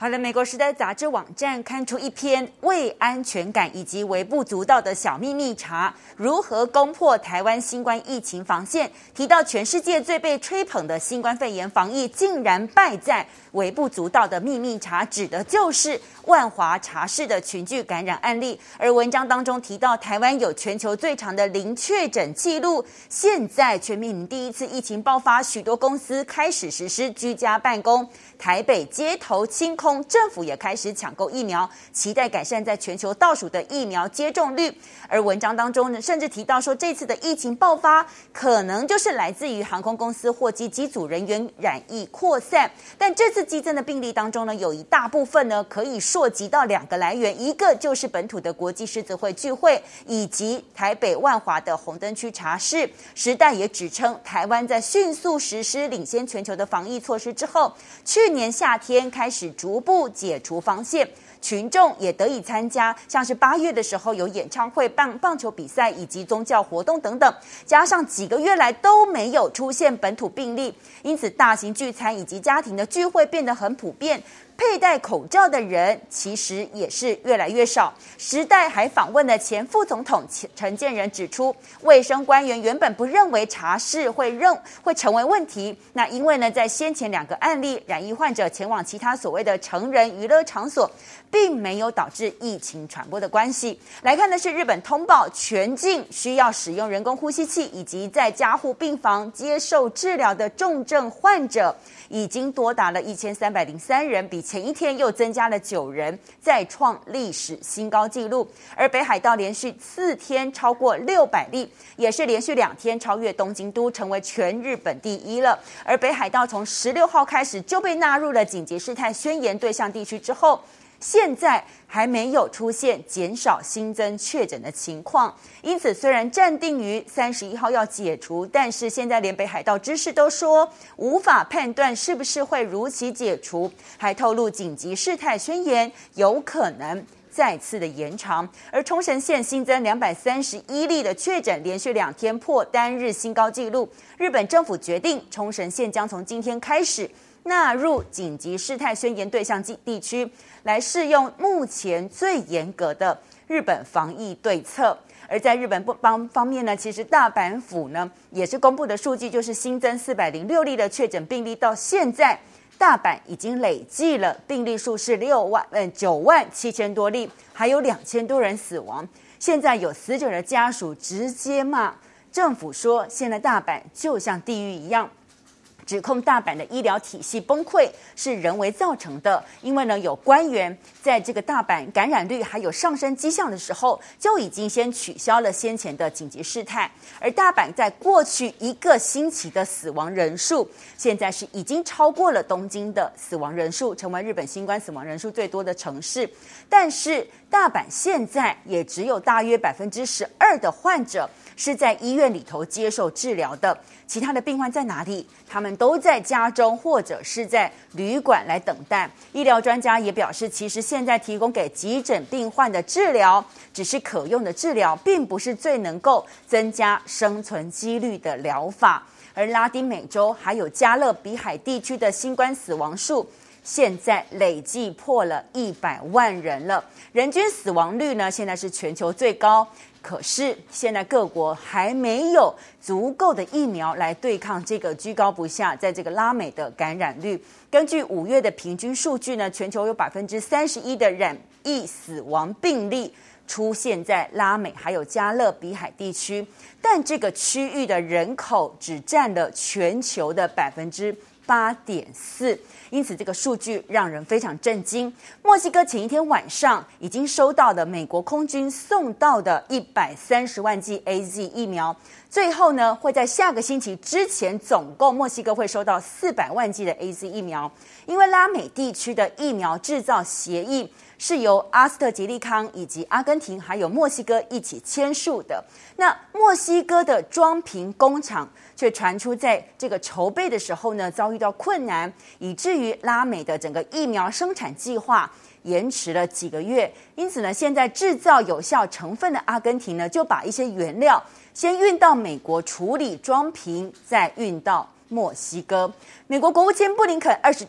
好了，美國《時代》雜誌網站刊出一篇《未安全感以及微不足道的小秘密茶如何攻破台灣新冠疫情防線》，提到全世界最被吹捧的新冠肺炎防疫竟然敗在微不足道的秘密茶，指的就是萬華茶室的群聚感染案例。而文章當中提到，台灣有全球最長的零確診記錄，現在全民第一次疫情爆發，許多公司開始實施居家辦公，台北街頭清空。政府也開始搶購疫苗，期待改善在全球倒數的疫苗接種率。而文章當中呢，甚至提到說，這次的疫情爆發可能就是來自於航空公司貨機機組人員染疫擴散。但這次激增的病例當中呢，有一大部分呢可以溯及到兩個來源，一個就是本土的國際獅子會聚會，以及台北萬華的紅燈區茶室。時代也指稱，台灣在迅速實施領先全球的防疫措施之後，去年夏天開始逐不解除防線，群眾也得以參加，像是八月的時候有演唱會、棒棒球比賽以及宗教活動等等。加上幾個月來都沒有出現本土病例，因此大型聚餐以及家庭的聚會變得很普遍。佩戴口罩的人其實也是越來越少。時代還訪問了前副總統陳建仁，指出衛生官員原本不認為茶室會認會成為問題。那因為呢，在先前兩個案例，染疫患者前往其他所謂的成人娛樂場所，並沒有導致疫情傳播的關係。來看的是日本通報，全境需要使用人工呼吸器以及在加護病房接受治療的重症患者，已經多達了一千三百零三人，比前一天又增加了九人，再創歷史新高紀錄。而北海道連續四天超過六百例，也是連續兩天超越東京都，成為全日本第一了。而北海道從十六號開始就被納入了緊急事態宣言對象地區之後，現在還沒有出現減少新增確診的情況，因此雖然暫定於三十一號要解除，但是現在連北海道知事都說無法判斷是不是會如期解除，還透露緊急事態宣言有可能再次的延長。而沖繩縣新增兩百三十一例的確診，連續兩天破單日新高紀錄。日本政府決定，沖繩縣將從今天開始。納入緊急事態宣言對象地地區來適用目前最嚴格的日本防疫對策。而在日本不方方面呢，其實大阪府呢也是公布的數據，就是新增四百零六例的確診病例。到現在，大阪已經累計了病例數是六萬嗯、呃、九萬七千多例，還有兩千多人死亡。現在有死者的家屬直接罵政府說，現在大阪就像地獄一樣。指控大阪的醫療體系崩潰是人為造成的，因為呢有官員在這個大阪感染率還有上升跡象的時候，就已經先取消了先前的緊急事態。而大阪在過去一個星期的死亡人數，現在是已經超過了東京的死亡人數，成為日本新冠死亡人數最多的城市。但是大阪現在也只有大約百分之十二的患者。是在醫院裡頭接受治療的，其他的病患在哪裡？他們都在家中或者是在旅館來等待。醫療專家也表示，其實現在提供給急診病患的治療只是可用的治療，並不是最能夠增加生存幾率的療法。而拉丁美洲還有加勒比海地區的新冠死亡數。現在累計破了一百萬人了，人均死亡率呢？現在是全球最高。可是現在各國還沒有足夠的疫苗來對抗這個居高不下，在這個拉美的感染率。根據五月的平均數據呢，全球有百分之三十一的染疫死亡病例出現在拉美還有加勒比海地區，但這個區域的人口只佔了全球的百分之。八點四，因此這個數據讓人非常震驚。墨西哥前一天晚上已經收到的美國空軍送到的一百三十萬劑 AZ 疫苗。最後呢，會在下個星期之前，總共墨西哥會收到四百萬劑的 AZ 疫苗。因為拉美地區的疫苗制造協議是由阿斯特捷利康以及阿根廷還有墨西哥一起簽署的。那墨西哥的裝瓶工廠卻傳出在這個籌備的時候呢，遭遇到困難，以至於拉美的整個疫苗生產計劃。延遲了幾個月，因此呢，現在製造有效成分的阿根廷呢，就把一些原料先運到美國處理裝瓶，再運到墨西哥。美國國務卿布林肯二十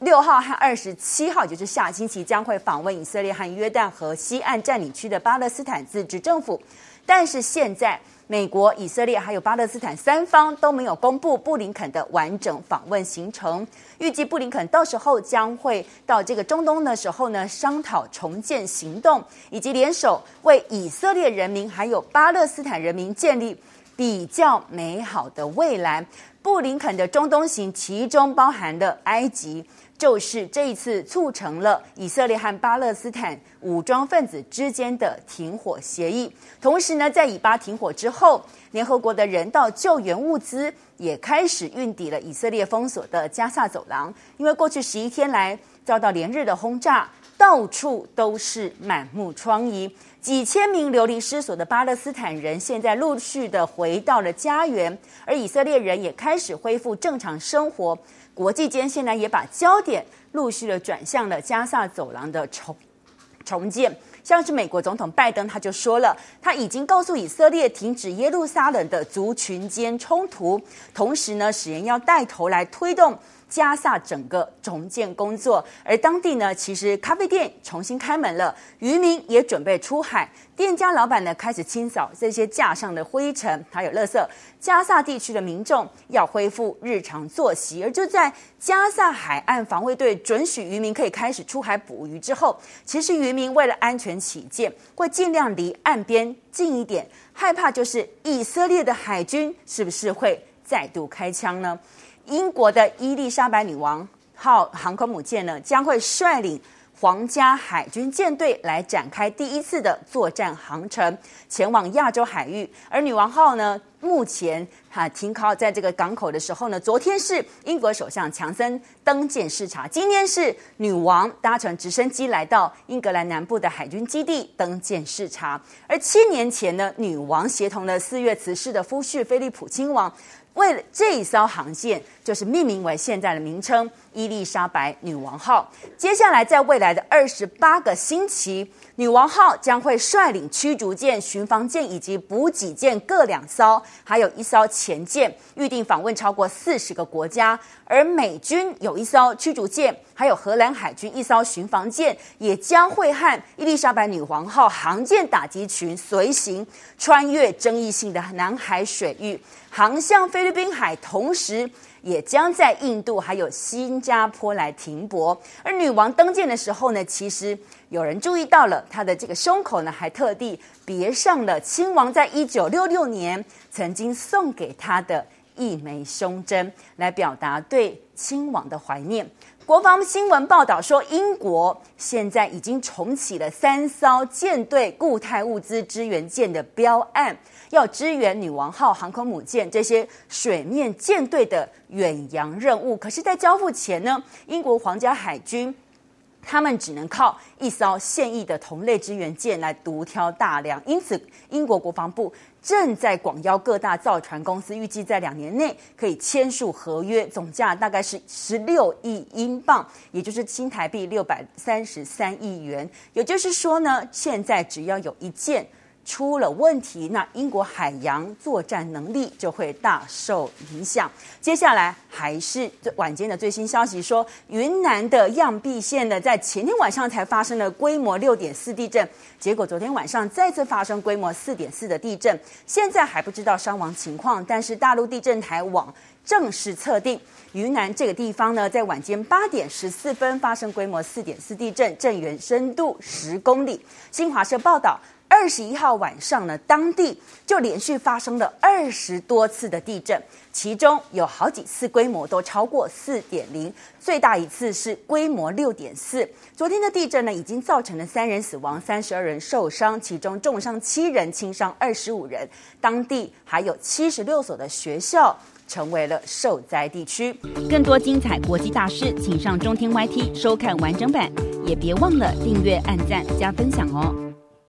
六號和二十七號，就是下星期將會訪問以色列和約旦河西岸占領區的巴勒斯坦自治政府，但是現在。美國、以色列還有巴勒斯坦三方都沒有公布布林肯的完整訪問行程。預計布林肯到時候將會到這個中東的時候呢，商討重建行動，以及聯手為以色列人民還有巴勒斯坦人民建立比較美好的未來。布林肯的中東行其中包含了埃及。就是這一次促成了以色列和巴勒斯坦武裝分子之間的停火協議。同時呢，在以巴停火之後，聯合國的人道救援物資也開始運抵了以色列封鎖的加薩走廊。因為過去十一天來遭到連日的轟炸，到處都是滿目瘡痍。幾千名流離失所的巴勒斯坦人現在陸續的回到了家園，而以色列人也開始恢復正常生活。國際間現在也把焦點陸續的轉向了加薩走廊的重重建，像是美國總統拜登他就說了，他已經告訴以色列停止耶路撒冷的族群間衝突，同時呢，使人要帶頭來推動。加薩整個重建工作，而當地呢，其實咖啡店重新開門了，漁民也準備出海。店家老板呢，開始清掃這些架上的灰塵還有垃圾。加薩地區的民眾要恢復日常作息，而就在加薩海岸防衛隊准許漁民可以開始出海捕魚之後，其實漁民為了安全起見，會儘量離岸邊近一點，害怕就是以色列的海軍是不是會再度開槍呢？英國的伊麗莎白女王號航空母艦呢，將會率領皇家海軍艦隊來展開第一次的作戰航程，前往亞洲海域。而女王號呢，目前哈、啊、停靠在這個港口的時候呢，昨天是英國首相強森登艦視察，今天是女王搭乘直升機來到英格蘭南部的海軍基地登艦視察。而七年前呢，女王協同了四月辭世的夫婿菲利普親王，為了這一艘航線，就是命名為現在的名稱。伊麗莎白女王號接下來在未來的二十八個星期，女王號將會率領驅逐艦、巡防艦以及補給艦各兩艘，還有一艘潛艦，預定訪問超過四十個國家。而美軍有一艘驅逐艦，還有荷蘭海軍一艘巡防艦，也將會和伊麗莎白女王號航艦打擊群隨行，穿越爭議性的南海水域，航向菲律賓海，同時。也將在印度還有新加坡來停泊。而女王登艦的時候呢，其實有人注意到了她的這個胸口呢，還特地別上了親王在一九六六年曾經送給她的一枚胸針，來表達對親王的懷念。國防新聞報道說，英國現在已經重啟了三艘艦隊固態物資支援艦的標案，要支援女王號航空母艦這些水面艦隊的遠洋任務。可是，在交付前呢，英國皇家海軍他們只能靠一艘現役的同類支援艦來獨挑大樑，因此，英國國防部。正在廣邀各大造船公司，預計在兩年內可以簽署合約，總價大概是十六億英鎊，也就是新台幣六百三十三億元。也就是說呢，現在只要有一件。出了問題，那英國海洋作戰能力就會大受影響。接下來還是晚間的最新消息說，雲南的漾濞縣呢，在前天晚上才發生了規模六點四地震，結果昨天晚上再次發生規模四點四的地震。現在還不知道傷亡情況，但是大陸地震台網正式測定，雲南這個地方呢，在晚間八點十四分發生規模四點四地震，震源深度十公里。新華社報道。二十一號晚上呢，當地就連續發生了二十多次的地震，其中有好幾次規模都超過四點零，最大一次是規模六點四。昨天的地震呢，已經造成了三人死亡，三十二人受傷，其中重傷七人，輕傷二十五人。當地還有七十六所的學校成為了受災地區。更多精彩國際大事，請上中天 YT 收看完整版，也別忘了訂閱、按讚、加分享哦。